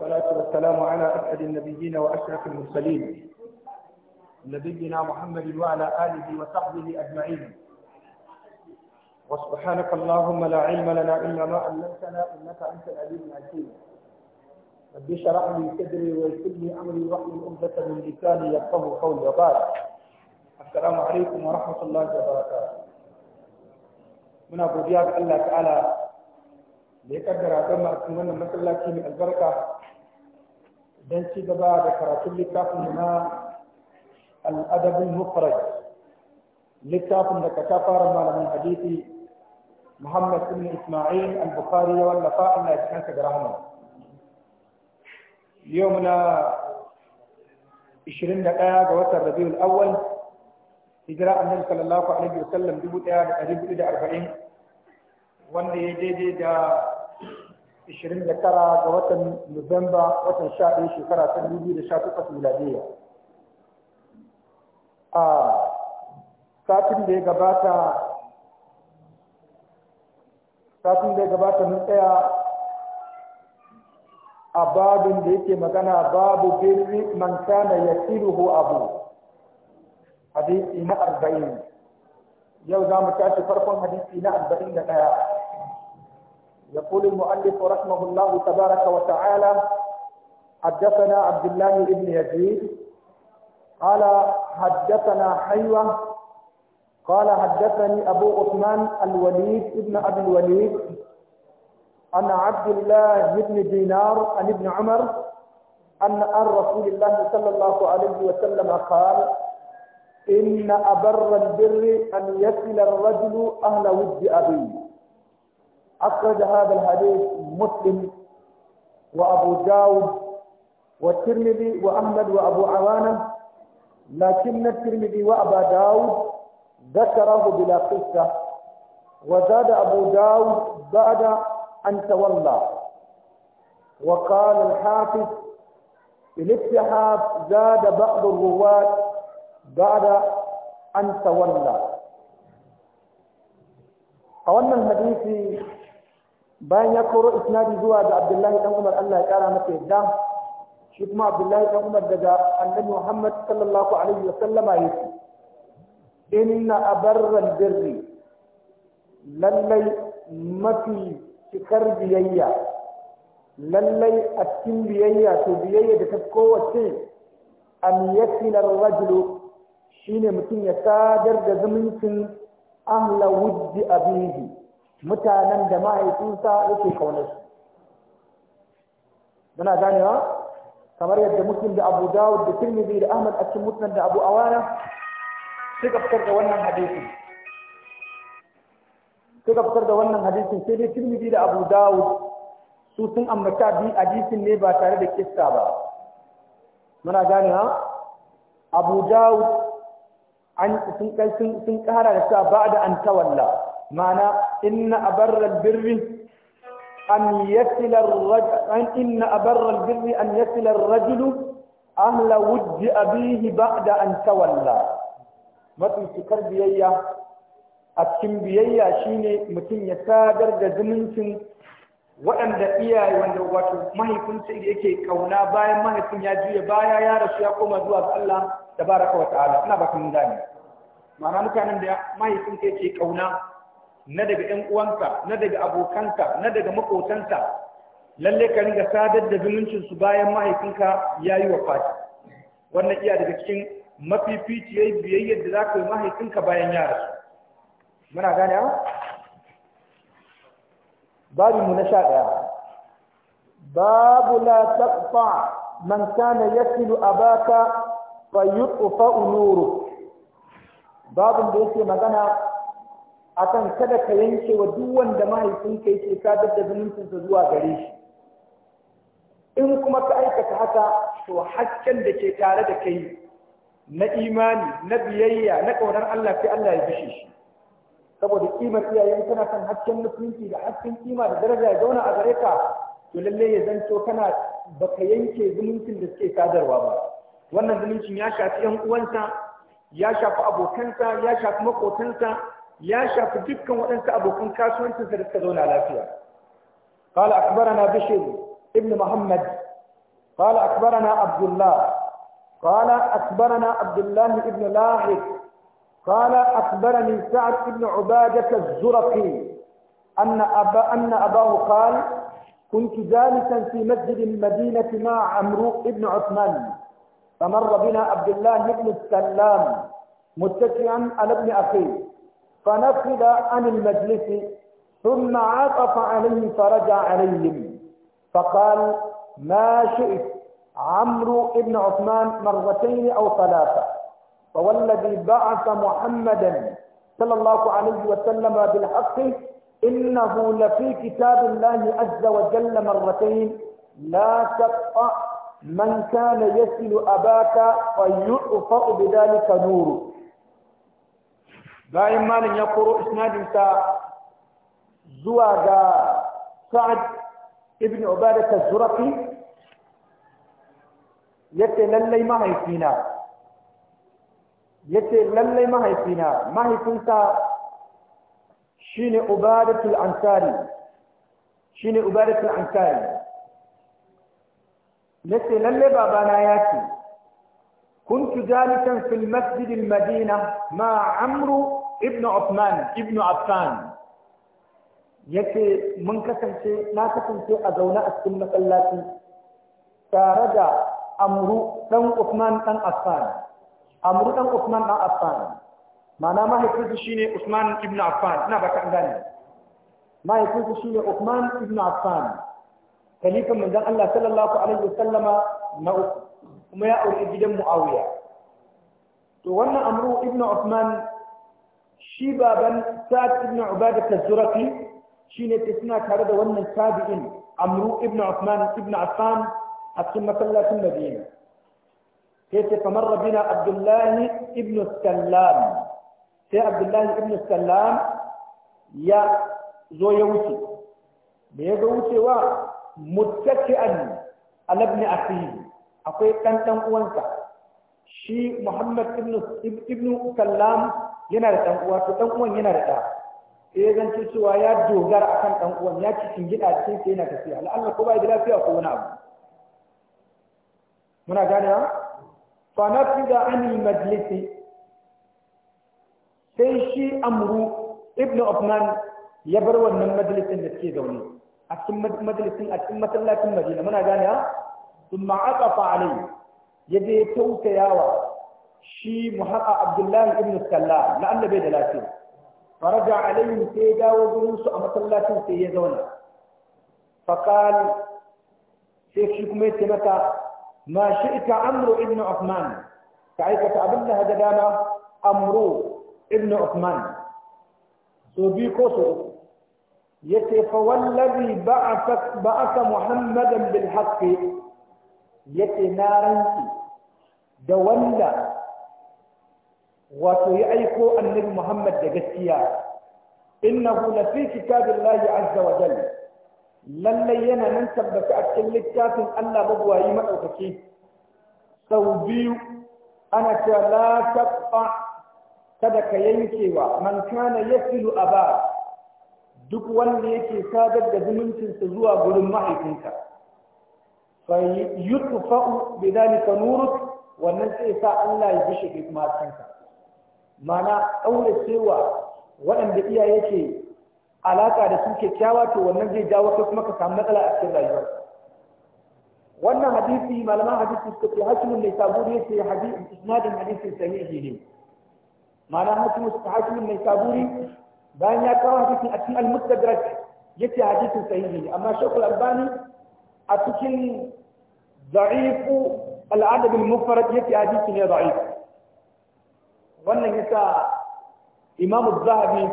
والصلاة والسلام على أسعد النبيين وأشرف المرسلين نبينا محمد وعلى آله وصحبه أجمعين وسبحانك اللهم لا علم لنا إلا ما علمتنا إنك أنت العليم الحكيم رب اشرح لي صدري ويسر لي أمري واحلل عقدة من لساني يفقه قولي وقال السلام عليكم ورحمة الله وبركاته من أبو ga Allah تعالى da ya kaddara مثل cikin البركة don ci gaba da karatun littafin na al'adabin mufrad littafin da ka fara malamin hadisi muhammad ibn isma'il al-bukhari ya wallafa Allah ya kansa da rahama yau muna 21 ga watan rabiul awwal hijira annabi sallallahu alaihi wasallam 1440 wanda ya daidai da 29 ga watan Nuwamba watan 11 shekara ta 2018 miladiya. A satin da ya gabata satin da ya gabata mun tsaya a babin da yake magana babu birri man kana tiruhu abu hadisi na arba'in yau za mu tashi farkon hadisi na arba'in da ɗaya يقول المؤلف رحمه الله تبارك وتعالى حدثنا عبد الله بن يزيد قال حدثنا حيوة قال حدثني أبو عثمان الوليد ابن أبي الوليد أن عبد الله بن دينار عن ابن عمر أن عن رسول الله صلى الله عليه وسلم قال إن أبر البر أن يصل الرجل أهل ود أبيه أخرج هذا الحديث مسلم وأبو داود والترمذي وأحمد وأبو عوانة لكن الترمذي وأبا داود ذكره بلا قصة وزاد أبو داود بعد أن تولى وقال الحافظ في الاتحاد زاد بعض الرواة بعد أن تولى أولا الحديث bayan ya koro isnadi zuwa ga abdullahi dan umar allah ya kara masa yadda shi kuma abdullahi dan umar daga annabi muhammad sallallahu alaihi wa sallama ya ce inna abarran birri lallai mafi cikar biyayya lallai a cikin biyayya to biyayya da ta kowace an yasilar rajulu shine mutum ya sadar da zumuncin ahla wujji abihi mutanen da mahaifinsa yake kaunar su muna ganewa kamar yadda muslim da abu dawud da tirmidhi da ahmad a cikin mutanen da abu awana suka fitar da wannan hadisin suka fitar da wannan hadisin sai dai tirmidhi da abu dawud su sun ambata bi hadisin ne ba tare da kissa ba muna ganewa abu dawud an sun sun kara da sa ba da an tawalla ma'ana inna abarral birri an yasila an inna abarral birri an yasila ar-rajulu ahla wujji abihi ba'da an tawalla mafi cikar biyayya a cikin biyayya shine mutum ya sadar da zumuncin waɗanda iyaye wanda wato mahaifinsa yake kauna bayan mahaifin ya juya baya ya rasu ya koma zuwa ga da tabaraka wa ta'ala ina baka mun gane ma'ana mutanen da mahaifin yake kauna na daga ƴan uwanka na daga abokanka na daga makotanka lalle ka ringa sadar da zumuncin su bayan mahaifinka wa wafati wannan iya daga cikin mafificiyar biyayyar da za ka yi mahaifinka bayan yara muna gane ba babin mu na sha ɗaya babu la taqfa man kana yasilu abaka baka yutfa nuru babin da yake magana akan kada ka yanke wa duk wanda mahaifinka yake sadar da zumuncinsa zuwa gare shi in kuma ka aikata haka to hasken da ke tare da kai na imani na biyayya na ƙaunar Allah sai Allah ya bishe shi saboda kimar iyayen kana kan hakken mutunci da hasken kima da daraja ya zauna a gare ka to lalle ya zanto kana baka yanke zumuncin da suke sadarwa ba wannan zumuncin ya shafi yan uwansa ya shafi abokansa ya shafi maƙotansa. ya shafi dukkan waɗansu abokan kasuwancinsa da suka على lafiya قال أخبرنا بشر ابن محمد قال أخبرنا عبد الله قال أخبرنا عبد الله ابن لاحق قال أخبرني سعد ابن عبادة الزرقي أن أبا أن أباه قال كنت جالسا في مسجد المدينة مع عمرو ابن عثمان فمر بنا عبد الله بن السلام متكئا على ابن أخيه فنفذ عن المجلس ثم عطف عليه فرجع عليهم فقال ما شئت عمرو بن عثمان مرتين أو ثلاثة فوالذي بعث محمدا صلى الله عليه وسلم بالحق إنه لفي كتاب الله عز وجل مرتين لا تقطع من كان يسل أباك فيطفأ بذلك نوره bayan malam ya koro isnadinsa zuwa ga sa'ad ibn ubada az Ya yace lallai mahaifina lallai mahaifina mahaifinsa shine ubadatul ansari shine ubadatul ansari lallai babana yace كنت جالسا في المسجد المدينة مع عمرو ibnu Uthman ibnu Affan yace mun kasance na kasance a zaune a cikin masallaci tare da Amru dan Uthman dan Affan Amru dan Uthman dan Affan ma'ana mahaifinsa shine Uthman ibnu Affan ina ba ka gane mahaifinsa shine Uthman ibnu Affan kalifan manzon Allah sallallahu alaihi wasallama na uku kuma ya aure gidan Muawiya to wannan Amru ibnu Uthman shi baban sa'ad ibn ubada az-zurqi shine ke suna tare da wannan tabi'in amru ibn uthman ibn affan a cikin masallacin madina sai ce kamar rabina abdullahi ibn sallam sai abdullahi ibn sallam ya zo ya wuce da ya zo wucewa muttaki'an ala ibn akhihi akwai dan dan uwansa shi Muhammad ibn Sallam yana da dan uwa to dan uwan yana da ɗa sai ya ci cewa ya dogara akan dan uwan ya ci cingida a cikin sai yana tafiya la'alla ko ba da lafiya ko wani abu muna gane ha fa nafida ani majlisi sai shi amru ibn Uthman ya bar wannan majalisin da take zaune a cikin majalisin a cikin masallacin Madina muna gane ha thumma aqafa alayhi ya je tausayawa shi muhaqa abdullahi ibn salla na annabi da lafiya faraja alaihi sai ya dawo gurin su a masallacin sai ya zauna faqal sai shi kuma ya taimaka mata ma shi'ta amru ibn uthman ka aikata abin da hada dama amru ibn uthman so bi ko so ya ce fa wallazi ba'atha muhammadan bil haqqi ya na rantsi da wanda wato ya aiko annabi Muhammad da gaskiya innahu la kitabillahi azza wa jalla lalle yana nan tabbata a cikin littafin Allah magwayi madaukake sau biyu ana cewa la taqfa kada ka yankewa man kana yasilu aba duk wanda yake sadar da zumuncinsa zuwa gurin mahaifinka fa yutfa'u bidhalika nuruk wannan sai sa Allah ya bishe kuma kanka mana aure cewa waɗanda iyaye ke alaka da su kyakkyawa to wannan zai jawo kai kuma ka samu matsala a cikin rayuwar wannan hadisi malaman hadisi suka ce hakimin mai saburi yace hadisi isnadin hadisi sahihi ne ma'ana hakimin hakimin mai saburi bayan ya kawo hadisin a cikin al-mustadrak yace hadisin sahihi ne amma shekul albani a cikin da'ifu al'adab al yake yace hadisi ne da'if wannan yasa imam zahabi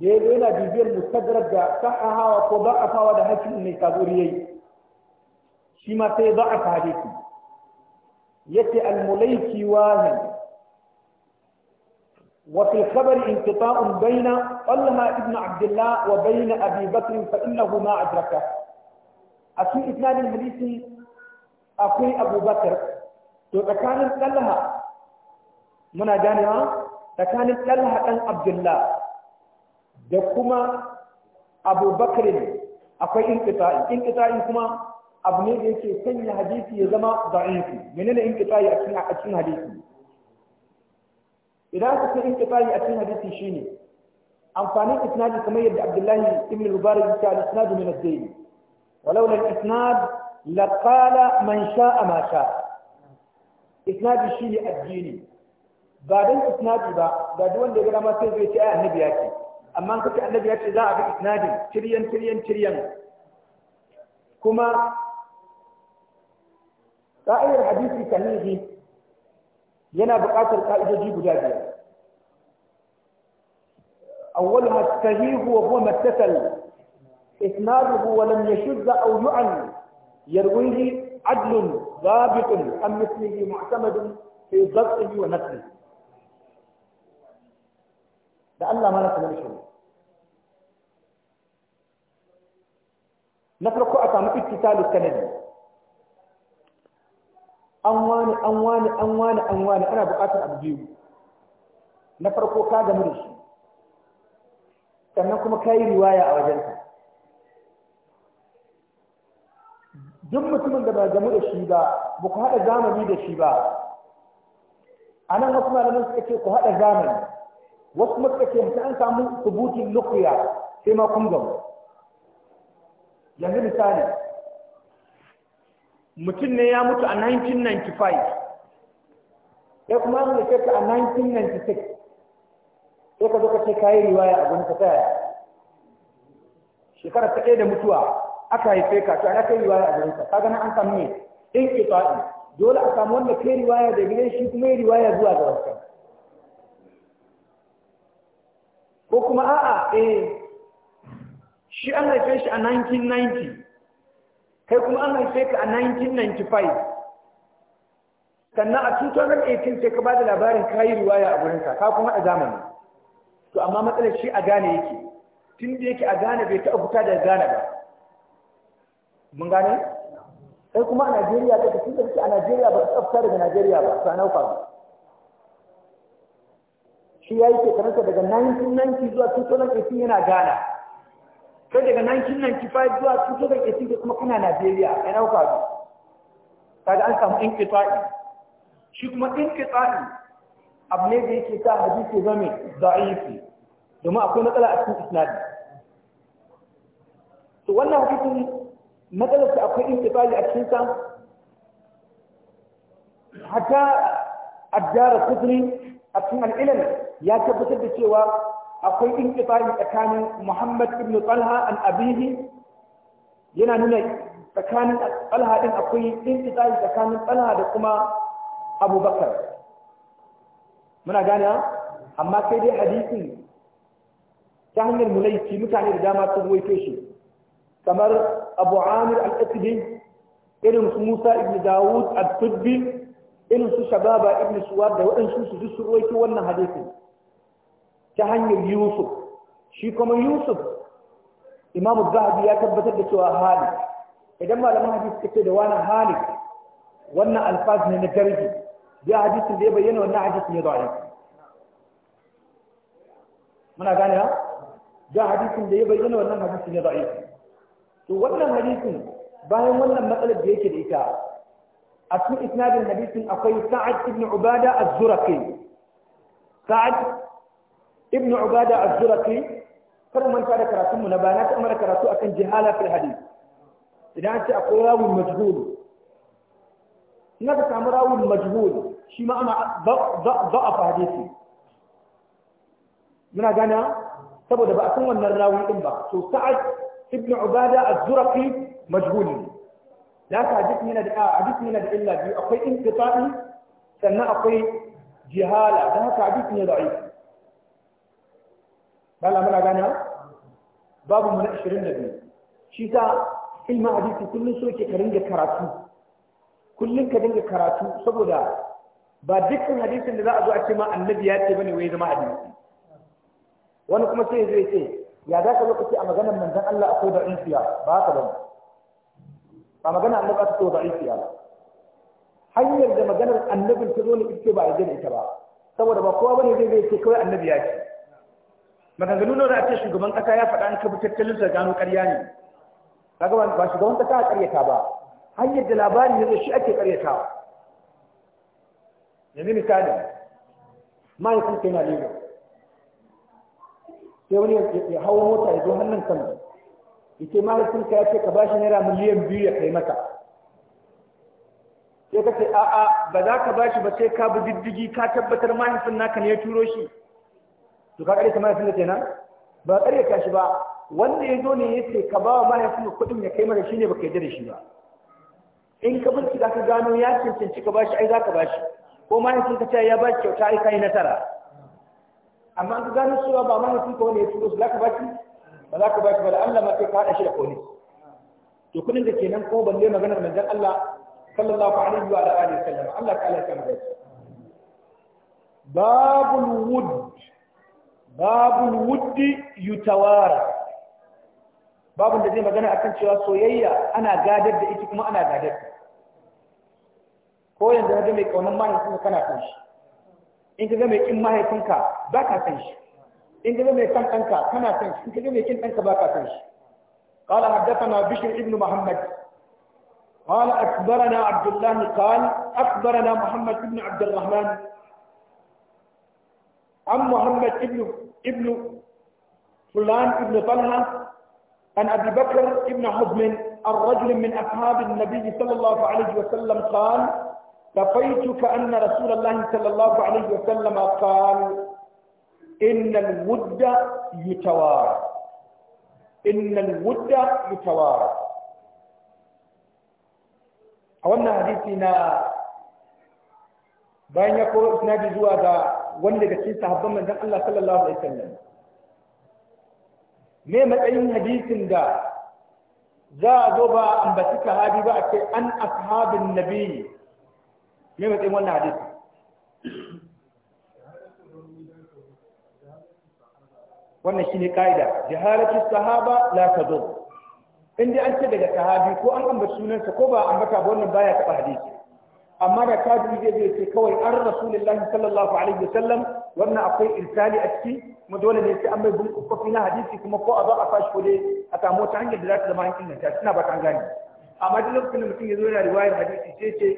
da ya yana bibiyar mustadrak da sahahawa ko da'afawa da hakim mai kaburi yayi shi ma sai da'afa hadisi yace al-mulaiki wahin وفي الخبر انقطاع بين طلحة ابن عبد الله وبين أبي بكر فإنه ما أدركه أكيد إثنان الحديث akwai abubakar to tsakanin ɗallaha muna ganewa tsakanin ɗallaha ɗan abdullah da kuma abubakar akwai inkita'i inkita'i kuma abu ne da yake sanya hadisi ya zama da'ifi menene inkita'i a cikin a hadisi idan aka san inkita'i a cikin hadisi shine amfanin isnadi kamar yadda abdullahi ibn mubarak ya ce al-isnadu min ad-dayn ولولا الاسناد laqala man sha a mata isnadi ne addini ba dan isnadi ba ga duk wanda ya ga ma sai zai ce ai annabi ya ce amma kace annabi ya ce za a ga isnadin tiryan tiryan kuma ka'idar hadisi sahihi yana buƙatar ka'idoji guda biyar awwaluha sahihu wa huwa muttasil isnaduhu wa lam yashuzza aw yu'an يرويه عدل ضابط عن مثله معتمد في ضبطه ونسله ده الله ما نفهم شيء نفرق أسامة اتتال السندي أنواني أنواني أنواني أنواني أنا بقاتل أبو بيو نفرق كاغا مريشي sannan kuma kayi riwaya a wajensa duk mutumin da bai gamu da shi ba ba ku haɗa zamani da shi ba a nan wasu malamin suka ce ku haɗa zamani wasu kuma suka ce mutum an samu subutin lukuya sai ma kun gamu yanzu misali mutum ne ya mutu a 1995 sai kuma an rike a 1996 sai ka zo ka ce kayi riwaya a gwamnati ta yaya shekara ta ɗaya da mutuwa aka haife ka to ana kai riwaya a garin ka kaga na an samu ne in kitabi dole a samu wanda kai riwaya da gidan shi kuma riwaya zuwa ga wasu ko kuma a'a eh shi an haife shi a 1990 kai kuma an haife ka a 1995 sannan a 2018 sai ka ba da labarin kayi riwaya a gurinka ka kuma a zamani to amma matsalar shi a gane yake tun da yake a gane bai taɓa fita da gane ba mun gane sai kuma a Najeriya da cikin kace a Najeriya ba tsafta daga Najeriya ba sai nau faru shi yayi shekarunsa daga 1990 zuwa 2018 yana Ghana Sai daga 1995 zuwa 2018 da kuma kana Najeriya ya nau faru kaga an samu inqita'i shi kuma inqita'i abu ne da yake sa hadisi zame da'ifi domin akwai matsala a cikin isnadi to wannan hukuncin matsalar su akwai intifali a cikin sa hatta addara kudri a cikin al'ilal ya tabbatar da cewa akwai intifali tsakanin Muhammad ibn Talha an abihi yana nuna tsakanin Talha din akwai intifali tsakanin Talha da kuma Abubakar muna gane amma sai dai hadisin ta hanyar mulaiki mutane da dama sun waito shi kamar abu amir al-atidi irin su musa ibn dawud al-tudbi irin su shababa ibn suwad da waɗansu su ji surwaiki wannan hadisin ta hanyar yusuf shi kuma yusuf imamu zahabi ya tabbatar da cewa hali idan malaman hadisi suka ce da wani hali wannan alfaz ne na darji ya hadisin da ya bayyana wannan hadisin ya zo muna gane ha ga hadisin da ya bayyana wannan hadisin ya da'ifi to wannan hadisin bayan wannan matsalar da yake da ita a cikin isnadin hadisin akwai sa'ad ibn ubada az-zurqi sa'ad ibn ubada az-zurqi kar manta da karatun mu na bana ta amara karatu akan jihala fil hadith idan an ce akwai rawul majhul ina aka samu rawul majhul shi ma ana da'afa hadisi muna gana saboda ba a san wannan rawun din ba to sa'ad ibn ubada az-zurqi majhuli da ka ah, hadisi yana da hadisi yana da illa biyu akwai inqita'i sannan akwai jihala da haka hadisi ne da'if bala muna gane babu mu na 22 shi ta ilmin hadisi kullum ke ka karatu kullum ka dinga karatu saboda ba dukkan hadisin da za a zo a ce ma annabi ya ce bane wai zama hadisi wani kuma sai zai ce ya za ka lokaci a maganar manzon Allah akwai da infiya ba ka ba ba magana annabi aka so da infiya ba hanyar da maganar annabin ta zo ne ita ba a da ita ba saboda ba kowa bane zai zai ce kawai annabi ya ce maganganu nawa a ce shugaban kasa ya faɗa an kabi tattalin sa gano ƙarya ne kaga ba shugaban kasa a ƙaryata ba hanyar da labari ne shi ake ƙaryatawa yanzu misali mahaifin kai na lagos sai wani ya hawo mota ya zo hannun kan yace mahaifin ka ce ka bashi naira miliyan biyu ya kai mata. sai ka ce a'a ba za ka bashi ba sai ka bi diddigi ka tabbatar mahaifin naka ne ya turo shi to ka kare ta mahaifin da ba kare ka shi ba wanda ya zo ne ya ce ka ba wa mahaifin kuɗin ya kai maka shi ne ba ka da shi ba in ka bincika ka gano ya cancanci ka bashi ai za ka bashi ko mahaifin ka ce ya bashi kyauta ai yi nasara amma an ka gano cewa ba mahaifin ka wanda ya su za ka baki ba za ka baki ba da Allah ma sai ka hada shi da kone to kudin da kenan ko balle maganar manzon Allah sallallahu alaihi wa alihi wasallam Allah ta'ala ya kama babul wud babul wud yutawara babun da zai magana akan cewa soyayya ana gadar da ita kuma ana gadar ko yanzu na ga mai kaunan mahaifin kana kan shi in ka ga mai kin mahaifinka ba ka san shi in ka ga mai kan ɗanka kana san shi in ka ga mai kin ɗanka ba ka san shi قال حدثنا بشر ابن محمد قال اخبرنا عبد الله قال اخبرنا محمد بن عبد الرحمن عن محمد ابن ابن فلان ابن طلحة عن أبي بكر ابن حزم الرجل من أصحاب النبي صلى الله عليه وسلم قال تفيت كأن رسول الله صلى الله عليه وسلم قال إن الود يتوارى إن الود يتوارى أولنا حديثنا بين يقول نبي زوادا وان لك تنسى من ذا الله صلى الله عليه وسلم مما أي حديث دا ذا دوبا أن بسك هذه بأك أن أصحاب النبي me matsayin wannan hadisi wannan shi ne kaida jahalatu sahaba la tadur in dai an ce daga sahabi ko an ambata sunansa ko ba ambata ba wannan baya taɓa hadisi amma da tabi zai zai ce kawai an rasulullahi sallallahu alaihi wasallam wannan akwai irsali a ciki kuma dole ne sai an mai bin kofi na hadisi kuma ko a zo a fashi ko dai a samu wata hanyar da za ta zama nan ta, suna ba ta gane amma duk lokacin da mutum ya zo yana riwayar hadisi sai ce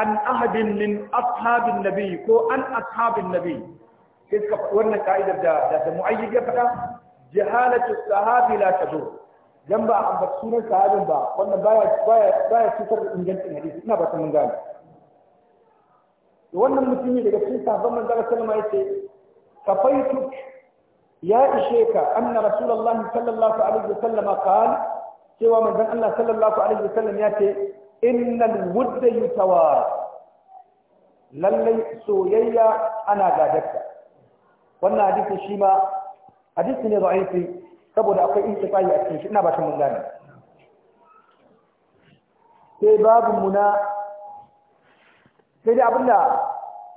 an ahadin min ashabin nabi ko an ashabin nabi sai suka wannan ka'idar da da mu'ayyid ya faɗa jahalatu sahabi la tadur dan ba an bar sunan sahabin ba wannan baya baya baya cutar da ingancin hadisi ina ba ta mun gane wannan mutumi daga cikin sahabban manzo Allah sallama yace kafaituk ya ishe ka anna rasulullahi sallallahu alaihi wasallam qala cewa manzon Allah sallallahu alaihi wasallam ya ce innan wudda yutawara lallai soyayya ana gadarta wannan hadisi shi ma hadisi ne da'ifi saboda akwai intifai a cikin shi ina ba shi mun gane sai babu muna sai dai abinda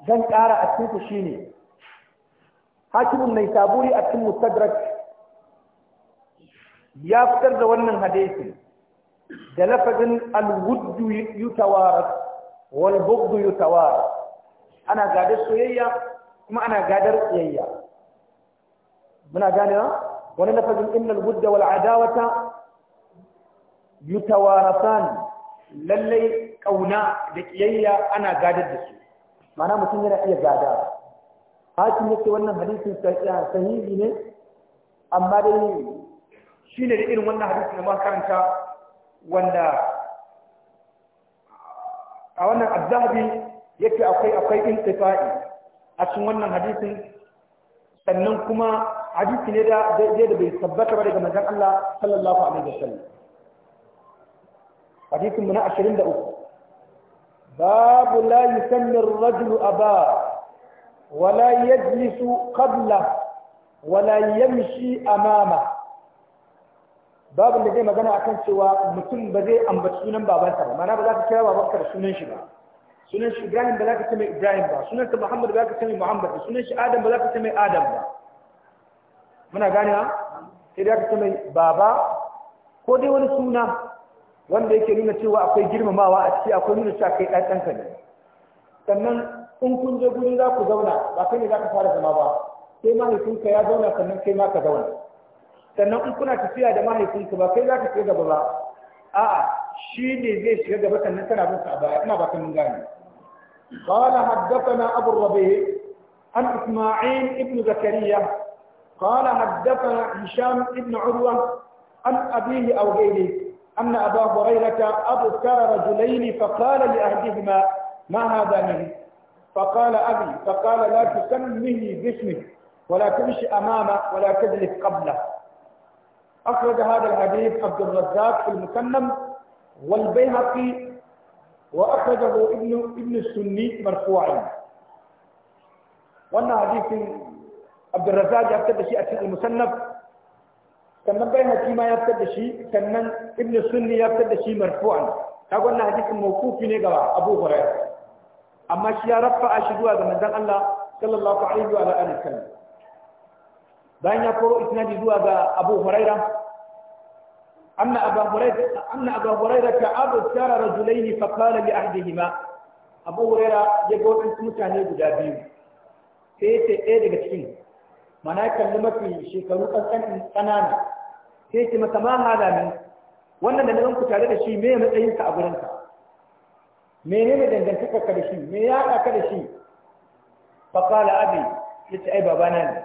zan ƙara a cikin shi ne hakimin mai saburi a cikin mustadrak ya fitar da wannan hadisi da lafazin alwuddu yutawarat wal bughd yutawarat ana gadar soyayya kuma ana gadar tsiyayya muna gane wa wani lafazin innal wudda wal adawata san lallai kauna da kiyayya ana gadar da su ma'ana mutum yana iya gada hakim yake wannan hadisin sahihi ne amma dai shine da irin wannan hadisin da muka karanta wanda a wannan azhabi yake akwai akwai intifa'i a cikin wannan hadisin sannan kuma hadisi ne da zai da bai tabbata ba daga manzon Allah sallallahu alaihi wasallam hadisin mu na 23 babu la yusalli ar-rajulu aba wala yajlisu qabla wala yamshi amama babin da zai magana akan cewa mutum ba zai ambaci sunan babansa ba mana ba za ka kira babanka da sunan shi ba sunan shi Ibrahim ba za ka ce Ibrahim ba sunan shi Muhammad ba za ka ce mai Muhammad ba sunan shi Adam ba za ka ce Adam ba muna gane ha sai da ka ce baba ko dai wani suna wanda yake nuna cewa akwai girmamawa a ciki akwai nuna cewa kai ɗan ɗanka ne sannan in kun je gurin za ku zauna ba kai ne za ka fara zama ba sai mahaifinka ya zauna sannan kai ma ka zauna sannan in kuna tafiya da mahaifinku ba kai za ka shiga gaba ba a'a shi ne zai shiga gaba sannan kana bin sa baya ina ba mun gane قال حدثنا أبو الربيع عن إسماعيل ابن زكريا قال حدثنا هشام ابن عروة عن أبيه أو غيره أن أبا هريرة fa رجلين فقال ahdihima ما هذا min فقال أبي فقال لا تسمه باسمه ولا تمشي أمامه ولا تجلس قبله أخرج هذا الحديث عبد الرزاق في المسنن والبيهقي وأخرجه ابن ابن السني مرفوعا وأن حديث عبد الرزاق يبتدى شيء المسنف sannan bai hakima ya fitar da shi sannan sunni ya fitar da shi marfu'an kaga wannan hadisin mawqufi ne ga Abu Hurairah amma shi ya rafa shi zuwa ga manzon Allah sallallahu alaihi wa alihi wasallam bayan ya koro isnadi zuwa ga abu huraira anna abu huraira anna abu huraira ka abu sara rajulaini fa qala li ahdihima abu huraira ya go tun mutane guda biyu sai sai ɗaya daga cikin mana kan da mafi shekaru kan kanana sai ce maka ma hada ne wannan da nan ku tare da shi me matsayin ka a gurin ka menene dangantaka ka da shi me ya ka da shi fa qala abi yace ai babana ne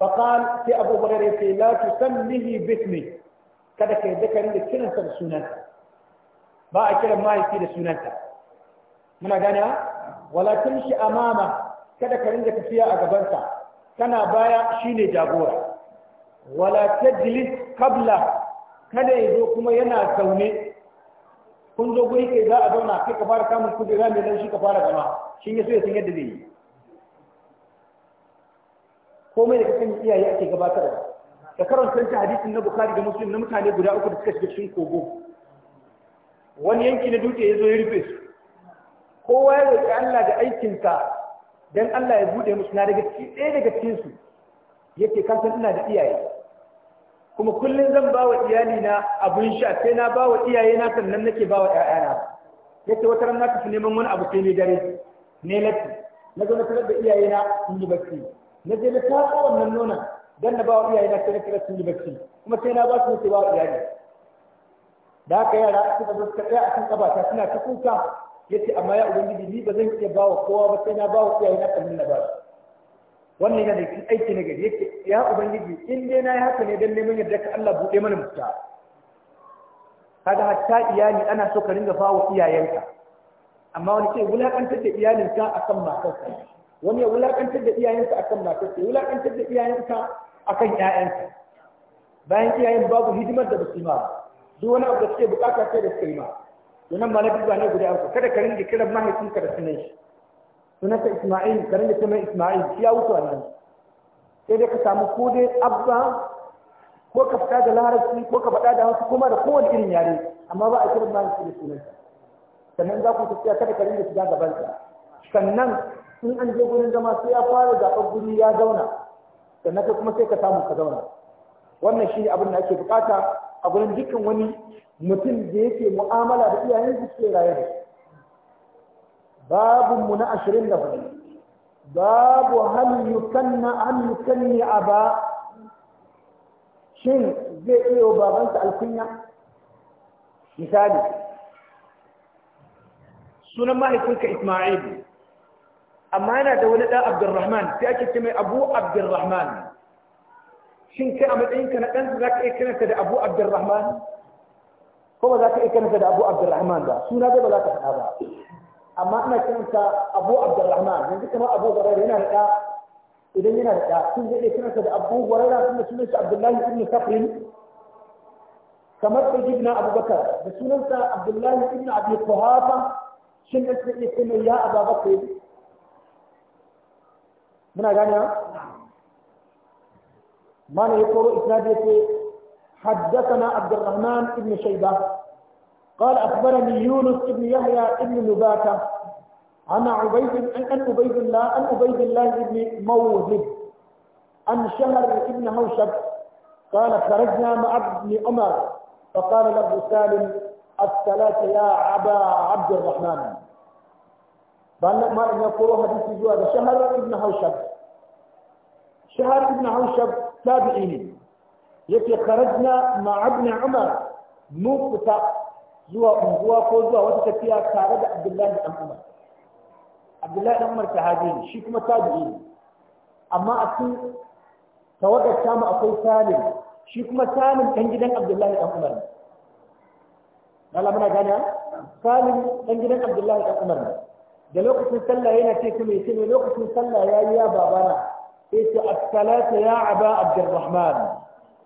فقال في أبو هريرة لا تسميه باسمي كذا كي ذكر عندك كلمة السنان باع كلمة ما يفيد السنان من أجانا ولا تمشي أمامه كذا كي ذكر لك فيها أقبنتا كان بايع شيني جابورا ولا تجلس قبله كذا ya كما ينا الزوني كنزو بريك إذا أدونا كي za a zauna kai ka fara kamun شيني سوية nan shi komai da ka iyaye ake gabatarwa da karanta ta hadisin na bukhari da muslim na mutane guda uku da suka shiga cikin kogo wani yanki na dutse ya zo ya rufe su kowa ya roƙi Allah da aikinsa don Allah ya bude musu na daga cikin ɗaya daga cikin su yake kasan ina da iyaye kuma kullun zan bawa wa na abin sha sai na ba wa iyayena sannan nake ba wa ƴaƴana yake wata ran na tafi neman wani abu sai ne dare ne na zo na tarar da iyayena in yi bacci na je na tatsa wannan nonon dan na ba wa iyaye na sai na kira sun yi bacci kuma sai na ba su mutu ba wa iyaye da haka yara suka zo suka tsaya a kan kabata suna ta kuka yace amma ya ubangiji ni ba zan iya ba wa kowa ba sai na ba wa iyaye na kallon na ba su wannan yana da aiki na gari yake ya ubangiji in dai na yi haka ne don neman yadda ka Allah buɗe mana mutta kaga hatta iyali ana so ka ringa fawo iyayenka amma wani ce wulakantar da iyalinka akan matarsa wani ya wulakantar da iyayensa akan matarsa ya wulakantar da iyayensa akan ƴaƴansa bayan iyayen babu hidimar da ba ma duk wani abu da suke bukata sai da suka yi ma sunan ma na duba ne guda uku kada ka ringa kiran mahaifinka da sunan shi sunansa Isma'il ka ringa ce mai Isma'il shi ya wuce wannan sai dai ka samu ko dai abba ko ka fita da larabci ko ka faɗa da wasu kuma da kowane irin yare amma ba a kiran mahaifinka da sunansa sannan za ku tafiya kada ka ringa shiga gabansa sannan in an je gurin zama sai ya fara zaɓar guri ya zauna sannan kai kuma sai ka samu ka zauna wannan shi ne abin da ake bukata a gurin dukkan wani mutum da yake mu'amala da iyayen su ke raye da babun mu na ashirin da hudu babu hal yukanna an yukanni aba shin zai iya babansa alkunya misali sunan mahaifinka Ismail amma yana da wani ɗan abdurrahman sai ake ce mai abu abdurrahman shin kai a matsayinka na ɗansa za ka iya kiranta da abu abdurrahman ko ba za ka iya kiranta da abu abdurrahman ba suna dai ba za ka faɗa ba amma ana kiranta abu abdurrahman yanzu kamar abu hurairah yana da idan yana da sun zai iya kiranta da abu hurairah tunda sunansa abdullahi ibn safrin kamar sayyidina abubakar da sunansa abdullahi ibn abi quhafa shin da sai iya kiranta ya abubakar muna gane mana ya koro isnadi حدثنا عبد الرحمن بن شيبة قال أخبرني يونس بن يحيى بن نباتة عن عبيد عن عبيد الله عن عبيد الله بن موهب عن شهر بن هوشب قال خرجنا مع ابن عمر فقال له سالم الصلاة يا عبا عبد الرحمن بل ما يقول حديث جوا شهر ابن هوشب shahar ibn haushab tabi'i ne yake kharajna ma ibn umar mu fita zuwa unguwa ko zuwa wata tafiya tare da abdullahi dan abdullahi dan umar sahabi ne shi kuma tabi'i ne amma a cikin tawagar tamu akwai salim shi kuma salim dan gidan abdullahi dan salim dan gidan abdullahi dan ne da lokacin yana ce kuma ne lokacin sallah yayi ya babana sai ce as ya aba abdurrahman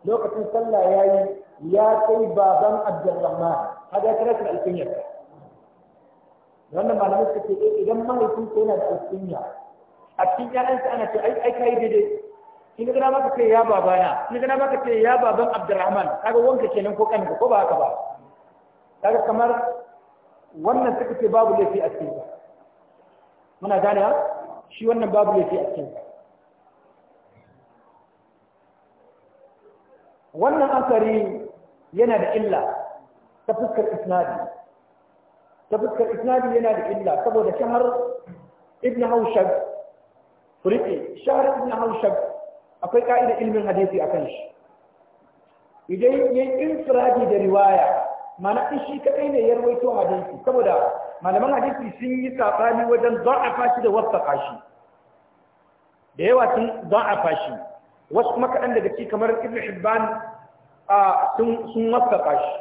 lokacin sallah yayi ya kai baban abdurrahman hada kira ta alkunya wannan malamai suka ce eh, idan mahaifin sai yana da alkunya a cikin ƴaƴansa ana ce ai ai kai daidai in ga maka ce ya babana in ga maka ce ya baban abdurrahman kaga wanka kenan ko kanka ko ba haka ba kaga kamar wannan suka ce babu laifi a cikin muna gane shi wannan babu laifi a cikin wannan asari yana da illa ta fuskar isnadi ta fuskar isnadi yana da illa saboda shahar ibn haushab furiki shahar ibn haushab akwai ka'idar ilmin hadisi a kan shi idan yin infiradi da riwaya mana in shi kaɗai ne ya rawaito hadisi saboda malaman hadisi sun yi sabani wajen za'afa shi da wasaqa shi da yawa sun za'afa shi wasu kuma kaɗan daga ci kamar ibn hibban sun wasaka shi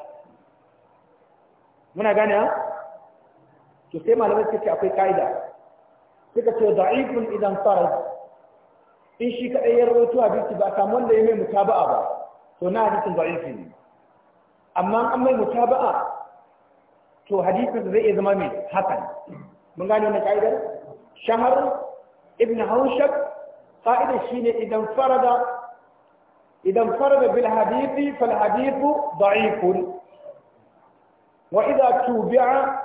muna gane ha to sai malamai suka ce akwai ƙa'ida. suka ce da'ifun idan faras in shi kaɗai ya rawaito hadisi ba a samu wanda ya mai mutaba'a ba to na hadisin da'ifi ne amma an mai mutaba'a to hadisin zai iya zama mai hasan mun gane wannan ƙa'idar. shahar ibn haushab ƙa'idar shi ne idan farada idan farada bil hadithi fal hadithu da'ifun wa idza tubi'a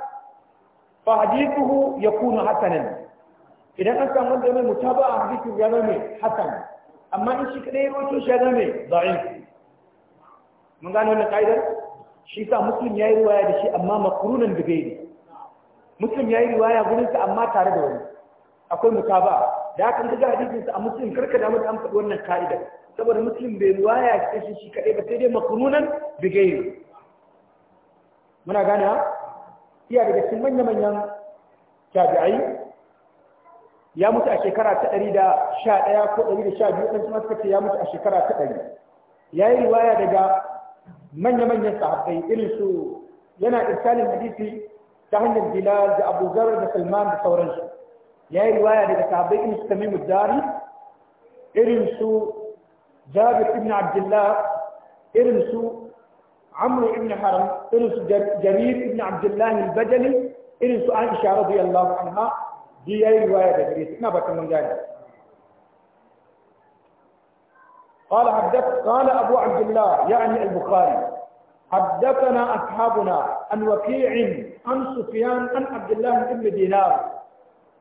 fa hadithuhu yakunu hasanan idan an samu da mai mutaba'a hadithu ya zama hasan amma in shi kadai rawaito shi ya zama da'if mun gano wannan ƙa'idar shi sa muslim yayi riwaya da shi amma makrunan da gairi muslim yayi riwaya gurin sa amma tare da wani akwai mutaba'a da haka ga hadisin sa a muslim karka da mata an faɗi wannan ka'ida saboda muslim bai ruwaya ta shi shi kaɗai ba sai dai makrunan bi gairi muna gane iya daga cikin manya manyan tabi'ai ya mutu a shekara ta ɗari da sha ɗaya ko ɗari da sha biyu ɗan kuma suka ce ya mutu a shekara ta ɗari ya yi riwaya daga manya-manyan sahabbai irin su yana irsalin hadisi ta hanyar bilal da abu zarar da salman da sauransu يا رواية لكعب ابن التميم الداري إرنسو جابر ابن عبد الله إرنسو عمرو ابن حرم إرنسو جرير ابن عبد الله البجلي إرنسو عائشة رضي الله عنها دي يا رواية لكريس ما بكمل جاي قال حدث قال أبو عبد الله يعني البخاري حدثنا أصحابنا عن وكيع عن سفيان عن عبد الله ابن دينار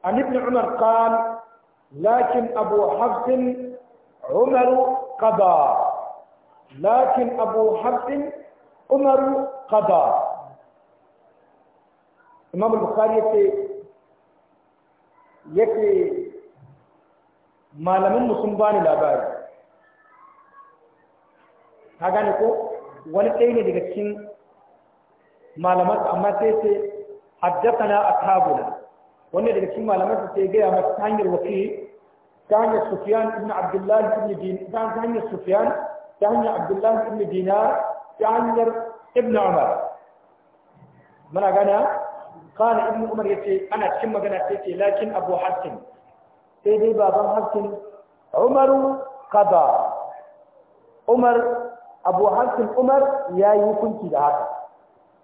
عن ابن عمر قال لكن أبو حفص عمر قضى لكن أبو حفص عمر قضى إمام البخاري يكي malaminmu sun ba labari ka ko wani ɗaya ne daga cikin malamansa amma sai sai haddasa na a tabula wanda daga cikin malaman sai gaya masa ta hanyar wakil ta hanyar sufyan ibn abdullahi ibn din ta hanyar sufyan ta hanyar abdullahi ibn dinar ta hanyar ibn umar muna gana kana ibn umar yace ana cikin magana sai ce lakin abu hasan sai dai baban hasan umar qada umar abu hasan umar yayi hukunci da haka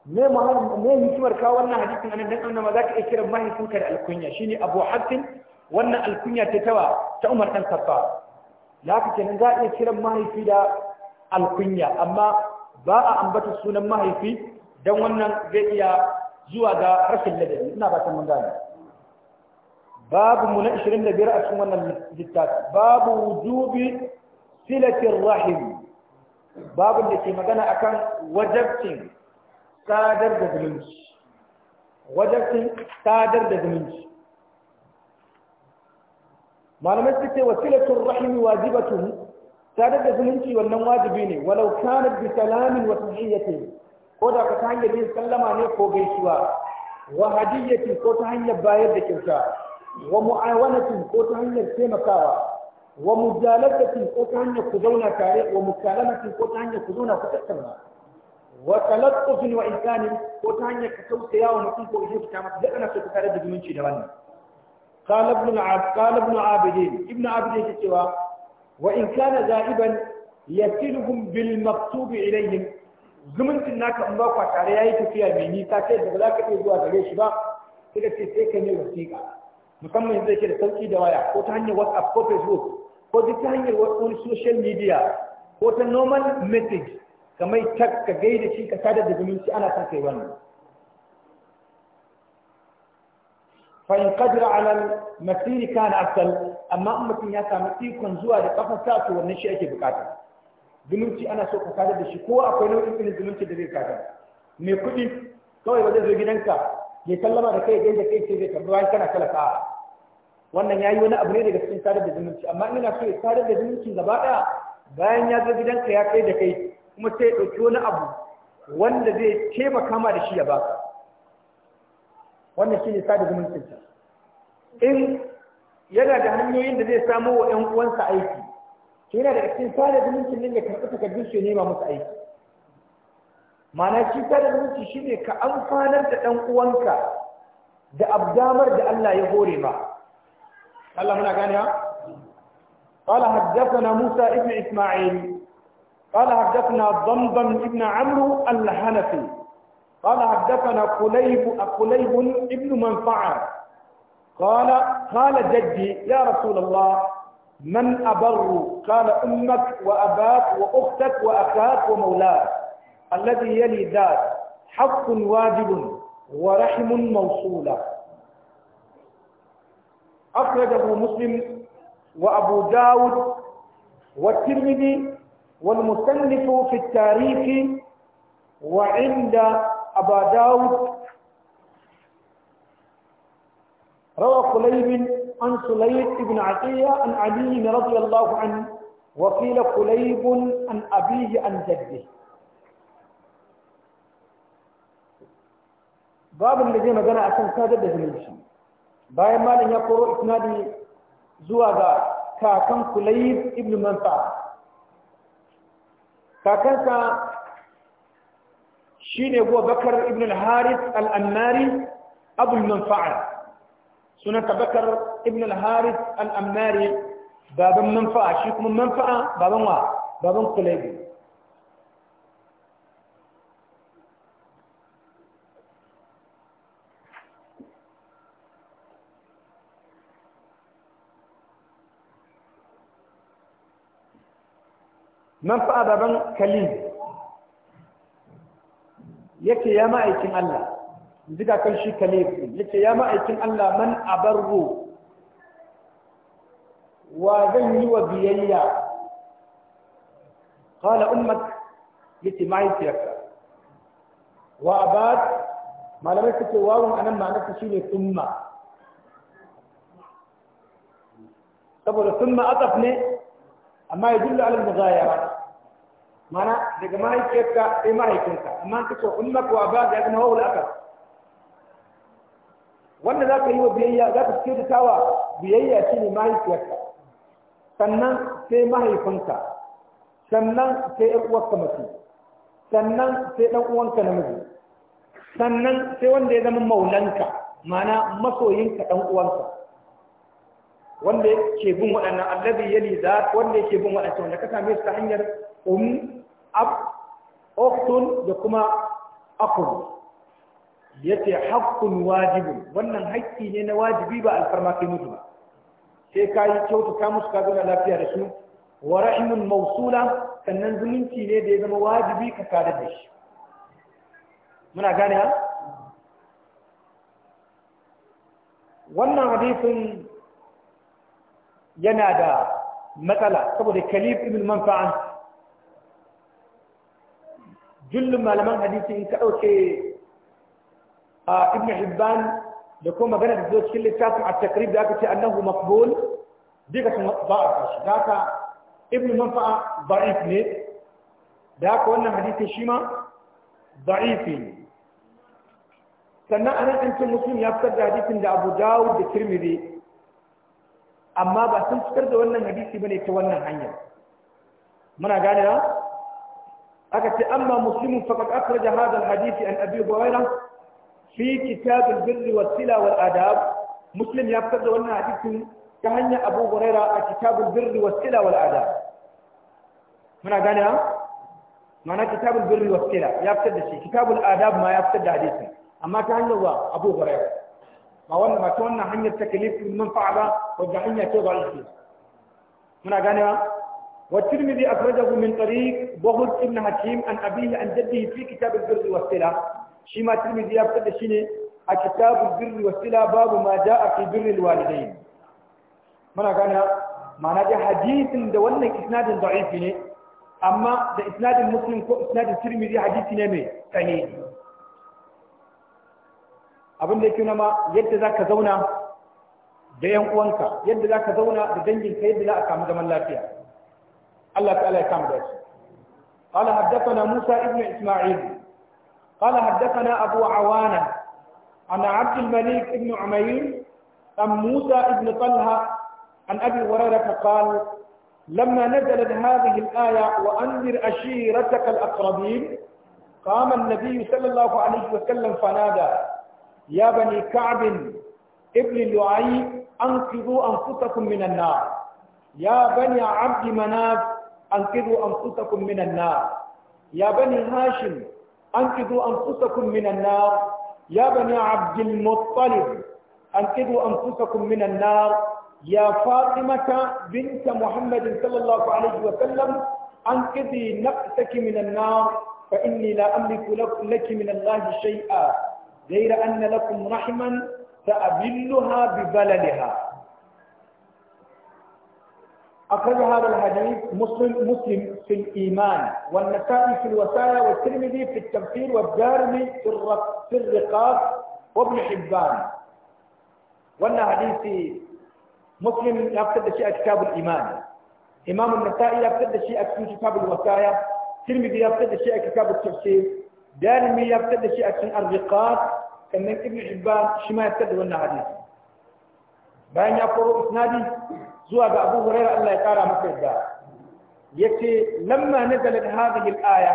Ne muhammad me hikimar ka wannan hadisin anan dan annama ka iya kiran mahaifinka da alkunya shine abu hatim wannan alkunya ta tawa ta umar dan khattab da ka kenan za a iya kiran mahaifi da alkunya amma ba a ambata sunan mahaifi dan wannan zai iya zuwa ga harshen ladabi ina ba ta mun gane babu mu na 25 a cikin wannan littafi babu wujubi silatir rahim babu da ke magana akan wajabcin sadar da zumunci wajabcin sadar da zumunci malamai su ce wasilatun rahimi wajibatun sadar da zumunci wannan wajibi ne walau kana bi salamin wa tahiyyatin ko da ka hanyar yin sallama ne ko gaisuwa wa hadiyyatin ko ta hanyar bayar da kyauta wa mu'awanatin ko ta hanyar taimakawa wa mujalasatin ko ta hanyar ku zauna tare wa mukalamatin ko ta hanyar ku zauna ku tattauna wa talaqqufin wa ihsanin ko ta hanyar ka tausaya wa mutum ko ji fita masa duk ana so ka tare da zumunci da wannan qala ibn al-ab qala ibn abidin ibn abidin yake cewa wa in kana za'iban yasiluhum bil maktub ilayhim zumuncin naka in ba kwa tare yayi tafiya mai nisa sai da ba za ka iya zuwa gare shi ba sai ka ce sai ka ne wasiƙa musamman zai ke da sauki da waya ko ta hanyar whatsapp ko facebook ko ta hanyar wani social media ko ta normal message ka mai tak ka gaida shi ka sadar da zumunci ana son kai wannan fa in qadra ala al-masir afdal amma in mutum ya samu ikon zuwa da sa to wannan shi ake bukata zumunci ana so ka sadar da shi ko akwai nau'in irin zumunci da zai kada mai kuɗi kawai ba zai zo gidanka ya sallama da kai da kai ce zai karbi bayan kana talaka wannan yayi wani abu ne daga cikin sadar da zumunci amma ina so ya sadar da zumunci gaba daya bayan ya zo gidanka ya kai da kai kuma sai ya ɗauki wani abu wanda zai taimaka ma da shi ya baka wannan shi ne sada zumuncinsa in yana da hanyoyin da zai samu wa ‘yan uwansa aiki shi yana da cikin sada zumuncin nan ya karɓi takardun su ne nema musu aiki ma'ana shi sada zumunci shi ne ka amfanar da ɗan uwanka da abdamar da Allah ya hore ma Allah muna gane ha قال حدثنا موسى ابن Isma'il. قال حدثنا ضمضم بن عمرو الحنفي قال حدثنا قليب قليب بن منفعة قال قال جدي يا رسول الله من أبر قال أمك وأباك وأختك وأخاك ومولاك الذي يلي ذات حق واجب ورحم موصولة أخرجه مسلم وأبو داود والترمذي والمصنف في التاريخ وعند أبا داود روى قليب عن سليم بن عطية عن علي رضي الله عنه وقيل قليب عن أبيه عن جده باب الذي مجانا أسان سادة بهميشي باية مالا يقرأ إسنادي زواغا كاكم قليب ابن منفع kakansa ne Abu Bakar ibn al-Harith al-Ammari Abu manfaa sunan Bakar ibn al-Harith al-Ammari baban manfa'a shi kuma manfa'a baban wa baban Kulayb man fa a baban kalin yake ya ma'aikin Allah ziga kan shi kalin yake ya ma'aikin Allah man abarru wa zan yi wa biyayya qala ummak yace mahaifiyarka wa abad malamai suke wawon anan ma'anarsa ne umma saboda summa ataf ne amma ya dillu ala mughayara mana daga mahaifiyarka sai mahaifinka amma ka ce maka wa abaka ya zama hawa al'akar wanda za ka yi wa biyayya za ka ce ta wa biyayya shi ne mahaifiyarka sannan sai mahaifinka sannan sai ɗan uwarka mace sannan sai ɗan uwanka namiji sannan sai wanda ya zama maulanka mana masoyinka ɗan uwanka wanda ke bin waɗannan allabi yali za wanda ke bin waɗannan wanda ka same su ta hanyar um ab da kuma akun yace haqqun wajibun wannan haƙƙi ne na wajibi ba alfarma kai mutu ba sai kai ka musu ka gina lafiya da su wa rahimun mawsula sannan zumunci ne da ya zama wajibi ka kada da shi muna gane ha wannan hadisin yana da matsala saboda kalif ibn manfa'a jullun malaman hadisi in ka ɗauke a ibn hibban da kuma magana da zuwa cikin littafin a takrib da aka ce annahu maqbul duka sun ba a kashi da haka ibn manfa'a da'if ne da haka wannan hadisi shi ma sannan a nan ce ya fitar da hadisin da abu dawud da tirmidhi amma ba sun fitar da wannan hadisi bane ta wannan hanyar muna gane aka ce amma muslimu fakat akhraja hadha alhadith an abi buraira fi kitab albirr wa sila wal ya fitar da wannan hadisin ta hanya abu buraira a kitab albirr wa sila muna gane ma'ana kitab albirr wa sila ya fitar da shi kitab adab ya fitar da hadisin amma ta hanyar wa abu buraira muna gane ba والترمذي أخرجه من طريق بغض ابن حكيم عن أبيه عن جده في كتاب البر والصلة شيما الترمذي يبتدى شيني كتاب البر والصلة باب ما جاء في بر الوالدين mana gana mana da hadisin da wannan isnadin da'ifi ne amma da isnadin muslim ko isnadin tirmidhi hadisi ne mai tsane abin da yake nama yadda za ka zauna da yan uwanka yadda za ka zauna da danginka yadda za a samu zaman lafiya الله تعالى كم بس قال حدثنا موسى ابن إسماعيل قال حدثنا أبو عوانة عن عبد الملك ابن عمير عن موسى ابن طلحة عن أبي هريرة قال لما نزلت هذه الآية وأنذر أشيرتك الأقربين قام النبي صلى الله عليه وسلم فنادى يا بني كعب ابن لعي أنقذوا أنفسكم من النار يا بني عبد مناف an an fusa kumminan na ya bani hashim an kizo an fusa kumminan na ya bani abdul muttalib an an fusa kumminan na ya fatimata binta muhammadin sallallahu alaihi wa sallam an kizi na saki minan na fa inni la laki minan lahi shay'a gaira anna lakum rahman sa'abilluha bi balaliha أخرج هذا الحديث مسلم مسلم في الإيمان والنسائي في الوسائل والترمذي في التمثيل والدارمي في الرقاب وابن حبان وأن حديث مسلم يبتدى شيء كتاب الإيمان إمام النسائي يبتدى شيء كتاب الوسائل الترمذي يبتدى شيء كتاب التفسير دارمي يبتدى شيء الرقاب كان ابن حبان شما يبتدى وأن حديث بين يقول إسنادي zuwa ga Abu Hurairah Allah ya kara masa yadda ce lamma nazalat hadhihi al-aya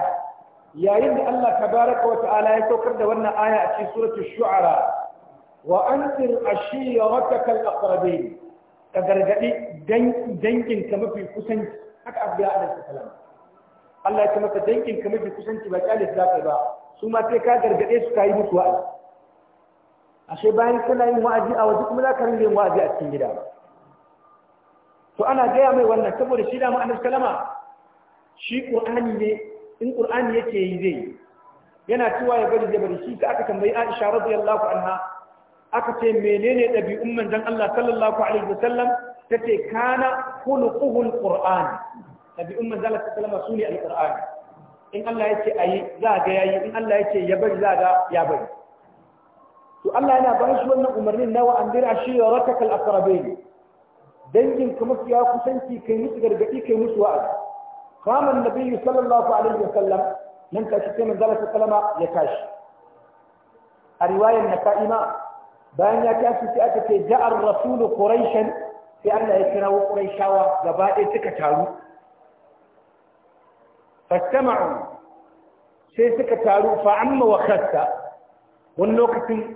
yayin da Allah ta baraka wa ta'ala ya saukar da wannan aya a cikin suratul shu'ara wa an ya wata al-aqrabin ka gargadi dangin ka mafi kusanci haka abiya alaihi salam Allah ya ce maka dangin ka mafi kusanci ba kyalis za ka ba su ma sai ka gargade su kayi musu wa'azi ashe bayan kana yin wa'azi a waje kuma za ka rinka wa'azi a cikin gida ba to ana gaya mai wannan saboda shi da ma'anar kalama shi ƙur'ani ne in ƙur'ani yake yi zai yana cewa ya bari da bari shi ka aka tambayi Aisha radiyallahu anha aka ce menene ɗabi'un manzon Allah sallallahu alaihi wasallam tace kana khuluquhu alquran ɗabi'un manzon Allah sallallahu alaihi wasallam sune alquran in Allah yace ayi za ga yayi in Allah yace ya bari za ga ya bari to Allah yana ba shi wannan umarnin na wa andira shi rataka alaqrabin dangin ka mafiya kusanci kai musu gargadi kai musu wa'azi kama annabi sallallahu alaihi wasallam nan ta ce manzo Allah sallama ya tashi a riwayar naka'ima bayan ya tashi sai aka ce ja'ar rasul quraishan sai Allah ya kira wa quraishawa gaba ɗaya suka taru fastama'u sai suka taru fa amma wa khassa wani lokacin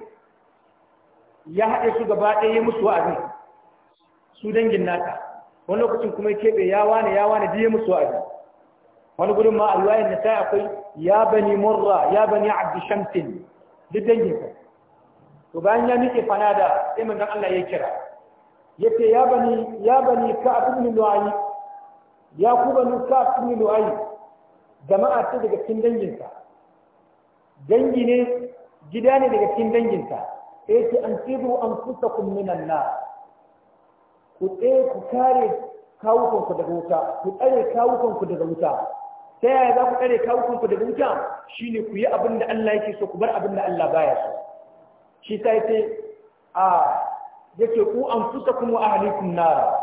ya haɗe su gaba ɗaya musu wa'azi su dangin naka wani lokacin kuma ya keɓe ya wane ya wane biye musu wa'azi wani gudun ma alwayin na sai akwai ya bani murra ya bani abdu shamsin duk dangin ka to bayan ya nike fanada sai manzon Allah ya kira yace ya bani ya bani ka abin lu'ay ya ku bani ka abin lu'ay jama'a ce daga cikin dangin ka dangi ne gida ne daga cikin dangin ka sai ce an tibu anfusakum minan nar ku tsaye ku kare kawukanku daga wuta ku tsare kawukanku daga wuta ta yaya za ku tsare kawukanku daga wuta ne ku yi abin da Allah yake so ku bar abin da Allah baya so shi sai ce a yake ku anfusakum wa ahlikum nara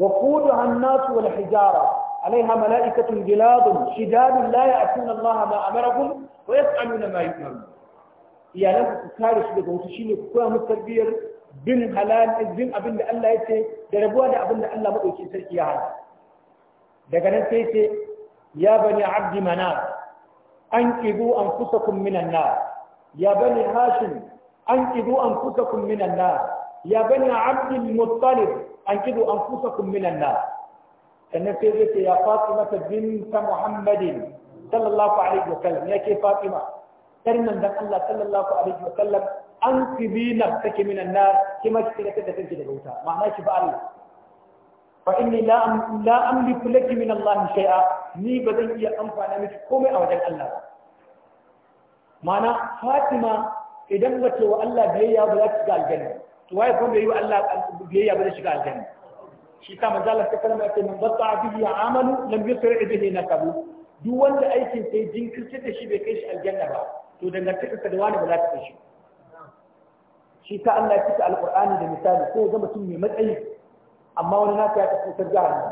wa quduha an-nas wal hijara عليها ملائكة جلاد شداد لا يأتون الله ما أمرهم ويفعلون ما يؤمرون iyalanku ku kare su daga wuta shine ku koya musu tarbiyyar bin halal bin abin da Allah ya ce da rabuwa da abin da Allah madauki sarki ya hana daga nan sai ce ya bani abdi mana an kidu an kusa fusakum minan na. ya bani hashim an kidu an kusa fusakum minan na. ya bani abdi muttalib an kidu an kusa fusakum minan na. sannan sai zai ce ya fatima binta muhammadin sallallahu alaihi wa sallam ya ke fatima tarnan dan Allah sallallahu alaihi wa sallam an fi na nafsaki minan nar kima ki tsira da kanki daga wuta ma'ana ki ba Allah fa inni la la amliku laki min Allah shay'a ni ba zan iya amfana miki komai a wajen Allah ba ma'ana Fatima idan ba ce wa Allah biyayya ba za ta shiga aljanna to waye kuma bai yi wa Allah biyayya ba za ta shiga aljanna shi ta manzo Allah ta kalma ce man batta bihi amalu lam yusri bihi nakabu duk wanda aikin sai jinkirce da shi bai kai shi aljanna ba to dangantakarsa da wani ba za ta kai shi shi ta Allah ya cika Alƙur'ani da misali sai ya ga mutum mai matsayi amma wani naka ya tafi wutar jahannam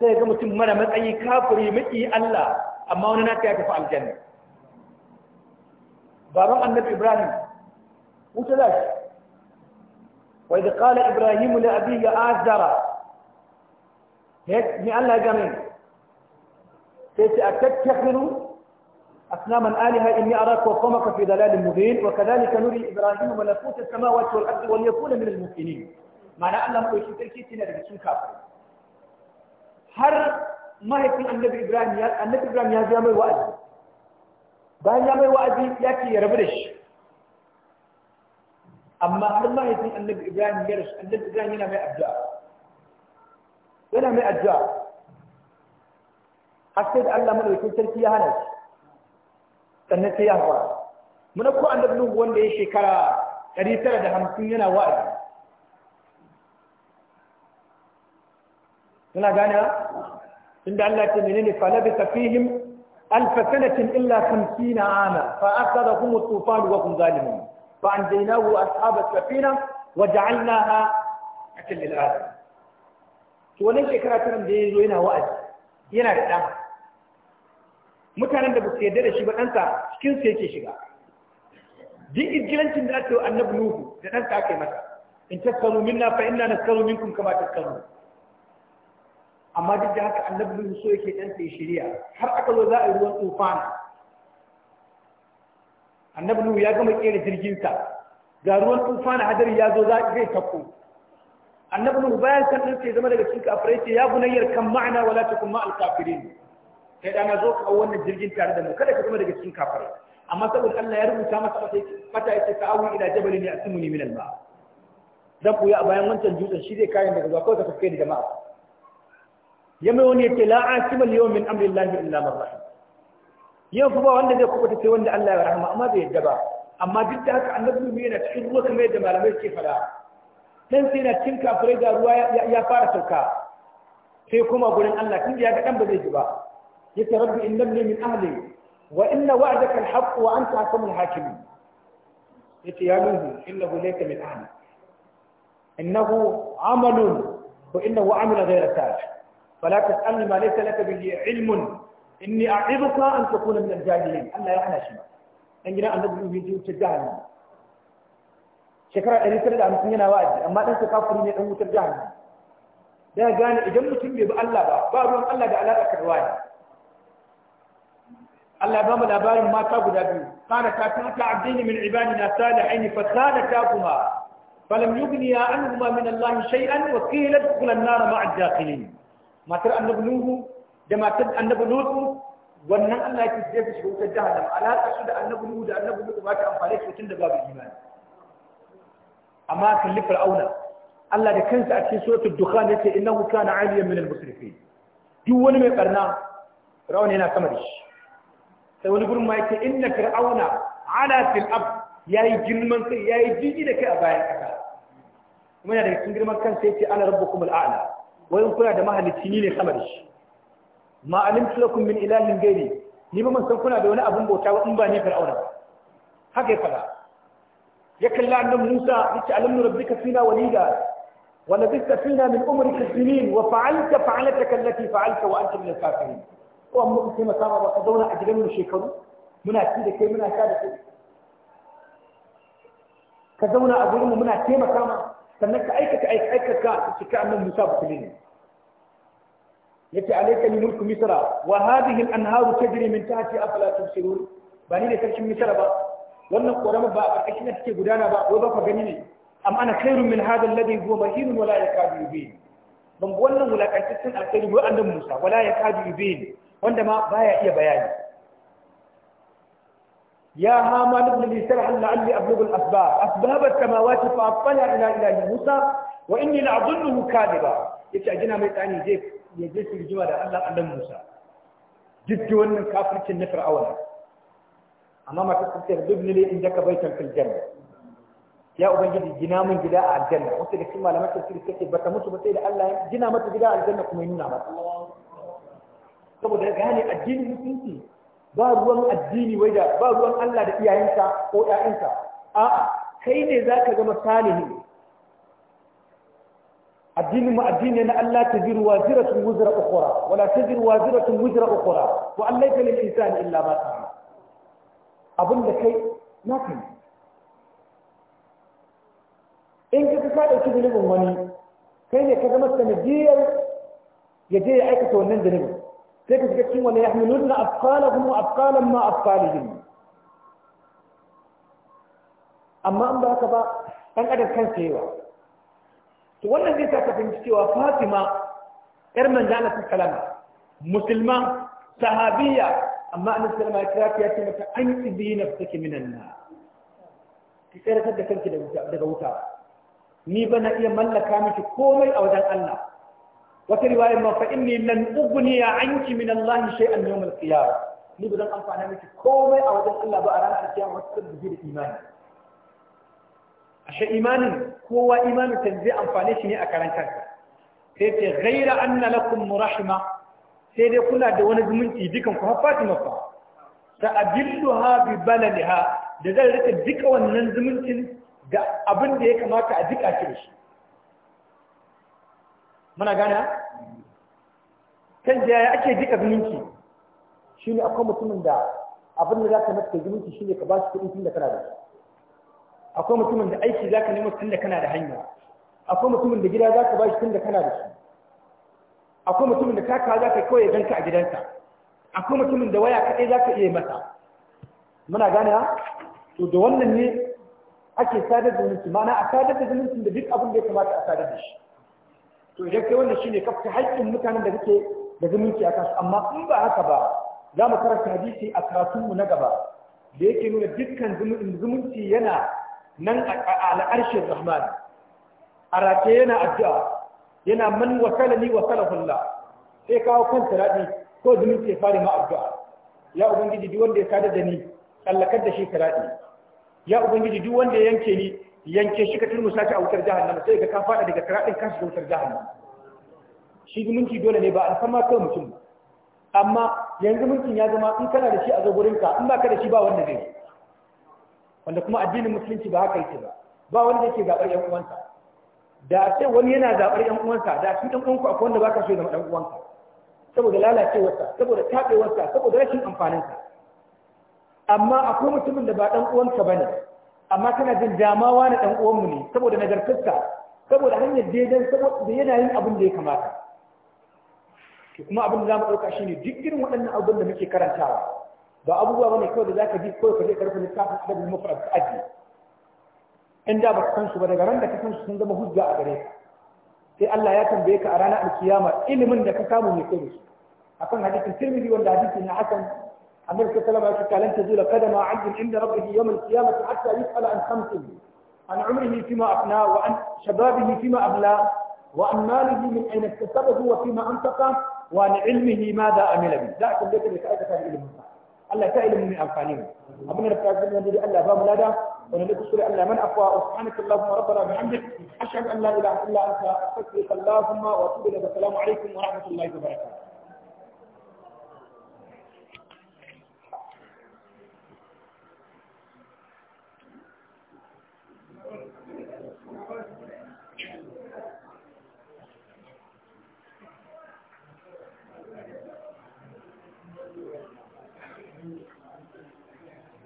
sai ya ga mutum mara matsayi kafiri maki Allah amma wani naka ya tafi aljanna baban annabi Ibrahim wuta da shi wa idh qala ibrahim li abihi azara Ni Allah ya gamin sai ce a tattakhiru أصنام الآلهة إني أراك وقومك في ضلال مبين وكذلك نري إبراهيم ملكوت السماوات والأرض وليكون من المؤمنين معنى أن لم يكن تلك سنة رجل كافر هر ما هي يكون النبي إبراهيم يا النبي إبراهيم يا زي ما بعد بان يا ما وأزي يأتي يربرش أما هر ما هي يكون النبي إبراهيم يرش النبي إبراهيم هنا ما أبجاء هنا ما أبجاء حسيت أن لم يكن تلك يا هنش sannan sai ya fara muna ko annabi nuhu wanda ya shekara 950 yana wa'azi kana gane inda Allah ce menene falabisa fihim alf sanatin illa 50 ana fa akhadhahum at-tufan wa hum zalimun fa anjaynahu ashab as-safina wa ja'alnaha atil lil-alamin to wannan shekara tana da yazo yana wa'azi yana da dama mutanen da ba su yarda da shi ba ɗansa cikin su yake shiga duk izgilancin da aka yi annabi nuhu da ɗansa aka yi masa in taskaru minna fa inna naskaru minkum kama taskaru amma duk da haka annabi nuhu so yake ɗansa ya shirya har aka zo za a yi ruwan tufan annabi nuhu ya gama kera jirginsa ga ruwan tufan hadari ya zo za zai tafko annabi nuhu bayan san ɗansa ya zama daga cikin kafirai ce ya bunayyar kan ma'ana wala takun ma'al kafirin kai dana zo ka wannan jirgin tare da mu kada ka zama daga cikin kafirai amma saboda Allah ya rubuta masa fata yace ka awu ila jabalin a asmuni min al-ma dan ku ya bayan wancan dutsen shi zai kayan daga zuwa ka fuske da jama'a ya mai wani yace la asimal yawm min amri Allah illa man rahim yau fa wanda zai kubuta sai wanda Allah ya rahama amma bai yadda ba amma duk da haka annabi mu yana cikin ruwa kamar yadda malamai suke fada dan sai na cikin kafirai da ruwa ya fara sauka sai kuma gurin Allah tun ya ga dan ba zai ji ba yake rabbi innabni min ahli wa inna wa'daka al-haqq wa anta ahkamul hakimin yace ya nuhu innahu laysa min ahli innahu amalun wa innahu amila ghayra salih fala tas'alni ma laysa laka bihi ilmun inni a'idhuka an takuna min al-jahilin Allah ya hana shi dan gidan annabi nuhu ji wuce jahannam shekara 950 yana wa'azi amma dan sa kafiri ne dan wutar jahannam da gane idan mutum bai bi Allah ba ba ruwan Allah da alaƙar wani Allah ya bamu labarin mata guda biyu kana ta tun ta addini min ibadina salihaini fa kana ta kuma falam yugniya anhuma min Allah shay'an wa qila dkhul an-nar ma'a ad-dakhilin matar annabi nuhu da matar annabi lutu wannan Allah ya ce shi wutar jahannam alaka su da annabi nuhu da annabi lutu ba ta amfane su tun da babu imani amma kalli auna. Allah da kansa a cikin suratul dukhan yace innahu kana aliyan min al-musrifin duk wani mai barna fir'auna yana sama da shi sai wani gurin ma yake inna fir'auna ala fil ab yayi girman kai yayi jiji da kai a bayan kasa kuma yana da cikin girman kan sai yake ana rabbukum al'ala wai kuna da mahalicci ni ne sama da shi ma alimtu lakum min ilahin gairi ni ba mun san kuna da wani abun bauta ba in ba ni fir'auna ba haka ya fada ya kalla annabi Musa yace alamnu rabbika fina walida ولبثت فينا من أمرك السنين وفعلت فعلتك التي فعلت وأنت من الكافرين kowa muka taimaka ma ba ka zauna a gidan mu shekaru muna ci da kai muna sha da kai ka zauna a gurin mu muna taimaka ma sannan ka aikata aikata ka cika annan Musa ne. yace alayka min mulku misra wa hadhihi al-anharu tajri min tahti afala tubsirun ba ni da sarkin misra ba wannan korama ba a karkashin da take gudana ba wai ba ka gani ne am ana khairun min hadha alladhi huwa mahin wa la yakadu yubin ban wannan wulakantaccen alkhairi wa annabi Musa wala yakadu yubin wanda ma baya iya bayani ya haman ibn li sarhan la'alli ablughul asbab asbab as-samawati fa attala ila ilahi musa wa inni la'adunnuhu kadiba yace a gina mai tsani je ya je su rijima da Allah Allah Musa duk da wannan kafircin na fir'auna amma mata tsakiyar dubni ne inda ka baitan fil janna ya ubangiji gina mun gida a aljanna wasu da cikin malaman tafsir suke bata mutu ba sai da Allah ya gina mata gida a aljanna kuma ya nuna mata saboda gane addinin musulunci ba ruwan addini wai da ba ruwan Allah da iyayensa ko ƴaƴansa a'a kai ne zaka zama salihin addinin mu addini na Allah taziru waziratun wuzra ukhra wala taziru waziratun wuzra ukhra wa an laysa lil insani illa ma sa'a abinda kai na kai. in ka ka dauki zunubin wani kai ne ka zama sanadiyar ya je ya aikata wannan zunubin sai ka shiga cikin wani ya hamilu na afkalahum wa afkalan ma afkalihim amma an ba haka ba ɗan adam kansa yawa to wannan zai sa ka fahimci cewa fatima yar manzana ta kalama musulma sahabiya amma annabi sallallahu alaihi wasallam ya ce mata an ibi nafsaki minan nar ki tsarkar da kanki daga wuta ni ba na iya mallaka miki komai a wajen Allah wata riwaya ma fa inni lan ughniya anki min Allah shay'an yawm al-qiyamah ni ba zan amfana miki komai a wajen Allah ba a ranar kiyama wata kan da imani ashe imanin kowa imanin ta zai amfane shi ne a karantar kansa sai ce ghaira anna lakum murahima sai dai kula da wani zumunci dukan ku har Fatima fa ta ha bi balaliha da zan rika duka wannan zumuncin da abin da ya kamata a duka shi da shi muna gana kan ya ake jika zumunci ne akwai mutumin da abin da za ka masa zumunci ne ka ba shi tun da kana da shi akwai mutumin da aiki za ka nemo da kana da hanya akwai mutumin da gida za ka ba shi tun da kana da shi akwai mutumin da kaka ka kawai ganka a gidansa akwai mutumin da waya kaɗai za ka iya masa muna gane to da wannan ne ake sadar da zumunci ma'ana a sadar da zumuncin da duk abin da ya kamata a sadar da shi to idan kai wannan shine kafka haƙƙin mutanen da kake da zumunci a kansu amma in ba haka ba za mu karanta hadisi a karatunmu na gaba da yake nuna dukkan zumunci yana nan a al'arshin rahman a rake yana addu'a yana man wasala ni wasala hulla sai kawo kan siraɗi ko zumunci ya fara ma addu'a ya ubangiji duk wanda ya sadar da ni tsallakar da shi siraɗi ya ubangiji duk wanda ya yanke ni yanke shi ka turmusa shi a wutar jahannama sai ga ka fada daga kiraɗin ka shiga wutar jahannama shi zumunci dole ne ba a san ma kai mutum amma yanzu mutum ya zama in kana da shi a zo ka in baka da shi ba wanda zai wanda kuma addinin musulunci ba haka yake ba ba wanda yake zaɓar ƴan uwansa da sai wani yana zaɓar ƴan uwansa da shi ɗan uwanku akwai wanda baka so ya zama ɗan uwanka saboda lalacewarsa saboda taɓewarsa saboda rashin amfaninsa amma akwai mutumin da ba ɗan uwanka bane amma kana jin damawa na ɗan uwanmu ne saboda nagartarsa saboda hanyar daidan saboda yanayin abin da ya kamata Ke kuma abin da za ɗauka ɗauka shine duk irin waɗannan abin da muke karantawa ba abubuwa ne kawai da za zaka bi kawai ka je karfin littafin adabul mufrad ka aji in da ba baka san su ba daga ran da ka san su sun zama hujja a gare ka sai Allah ya tambaye ka a ranar alkiyama ilimin da ka samu ne kai akan hadisin Tirmidhi wanda hadisi na Hasan النبي صلى الله عليه وسلم قال لن تزول قدم عبد عند ربه يوم القيامة حتى يسأل عن خمس عن عمره فيما أفنى وعن شبابه فيما أبلى وعن ماله من أين اكتسبه وفيما أنفقه وعن علمه ماذا أمل به ذاك البيت اللي كأيك هذه إلى المنصح الله تعالى من أنفانهم أبنى نفسنا الذي ألا بام لنا ونلك سورة ألا من أقوى سبحانك اللهم ربنا بحمدك أشهد أن لا إله إلا أنت أستغفرك اللهم وأتوب إليك السلام عليكم ورحمة الله وبركاته